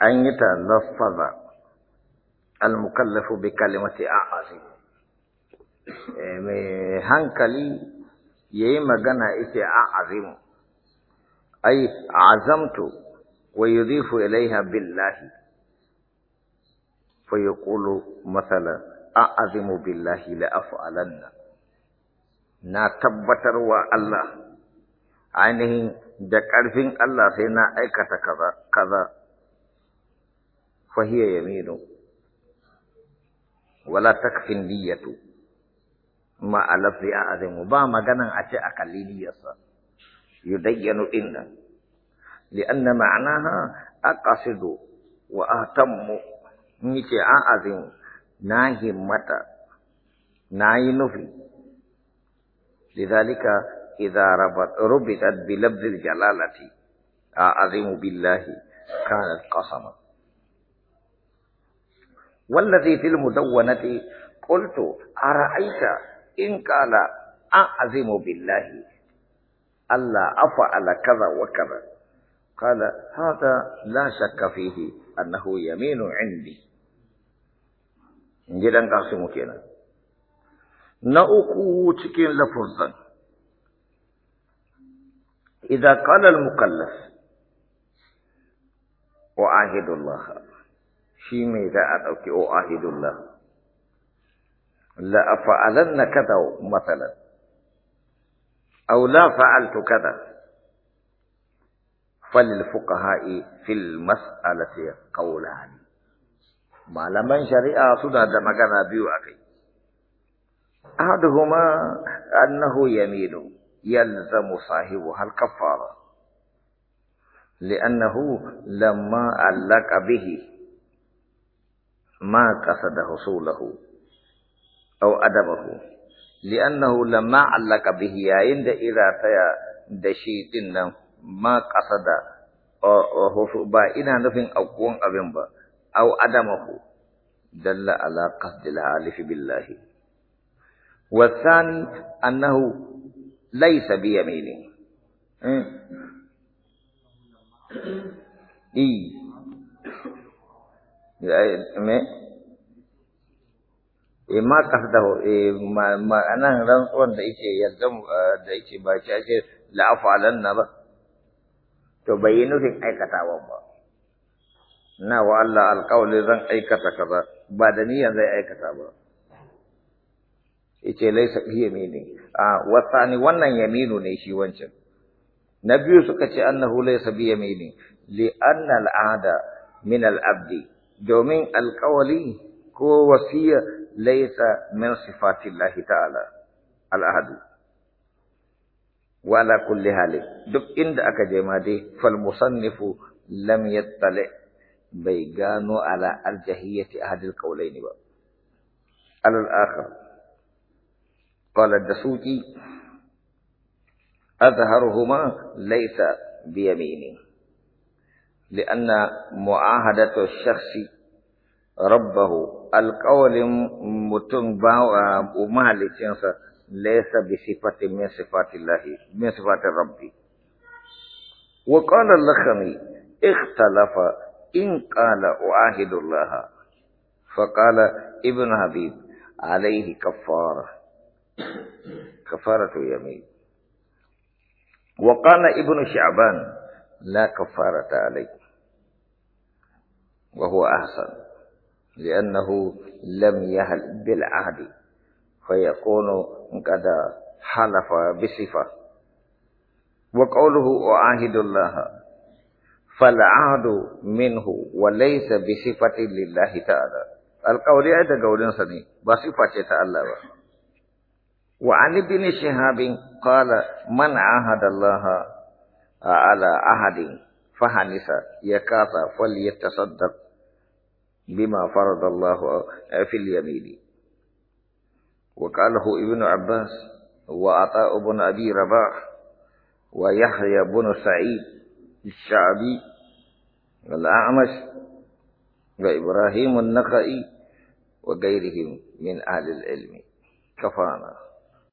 an yi ta lafaza al bi kalimati a'azi eh, mai hankali yayi magana ita a'azimu ai azamtu wa yudhifu ilaiha billahi fa yaqulu mathalan a'azimu billahi la af'alanna na tabbatar wa Allah ainihin da ƙarfin Allah sai na aikata kaza kaza fahiya yaminu wala takfin niyyatu ma alafi a azimu ba maganan a ce a kalli niyyarsa yudayyanu inna li'anna ma'anaha aqasidu wa ahtammu ni ce a azimu na himmata na yi nufi lidalika إذا ربط ربطت بلفظ الجلالة أعظم آه، بالله كانت قسما والذي في المدونة قلت أرأيت إن قال أعظم بالله ألا أفعل كذا وكذا قال هذا لا شك فيه أنه يمين عندي جدا قاسم كنا نأكو تكين لفظا إذا قال المكلف أعاهد الله شي مي ذا أدعوك أعاهد الله لا أفعلن كذا مثلا أو لا فعلت كذا فللفقهاء في المسألة قولان ما shari'a شريعة صدى magana biyu a أحدهما أنه annahu يلزم صاحبها الكفارة لأنه لما علق به ما قصد حصوله أو أدبه لأنه لما علق به عند إذا تيا دشيت ما قصد ba نفن أو قوان أبن با أو أدمه دل على قصد العالف بالله والثاني أنه laisa biya mene i me e ma kasdahu e ma'anan rantsuwan da yake yadda da yake ba shi ake la'afalan na ba to bai yi nufin aikatawan ba na wa Allah alƙawli zan aikata kaza ba da niyan zai aikata ba yace laisa bi yamini a wasani wannan yaminu ne shi wancan na biyu suka ce annahu laisa bi yamini li anna al al'ada min al abdi domin al qawli ko wasiya laisa min sifatillahi ta'ala al'ahadu wa ala kulli hal duk inda aka je ma dai fal musannifu lam yattali bai gano ala al jahiyati ahad al qawlaini ba al akhar قال الدسوقي أظهرهما ليس بيميني لأن معاهدة الشخص ربه القول متن مالكينسا ليس بصفة من صفات الله من صفات الرب وقال اللخمي اختلف إن قال أعاهد الله فقال ابن حبيب عليه كفاره كفارة يمين وقال ابن شعبان لا كفارة عليه وهو أحسن لأنه لم يهل بالعهد فيكون قد حلف بصفة وقوله أعاهد الله فالعهد منه وليس بصفة لله تعالى القول هذا قول سني بصفة تعالى وعن ابن شهاب قال من عهد الله على أحد فحنس يكاف فليتصدق بما فرض الله في اليمين وقاله ابن عباس وعطاء بن أبي رباح ويحيى بن سعيد الشعبي والأعمش وإبراهيم النخعي وغيرهم من أهل العلم كفانا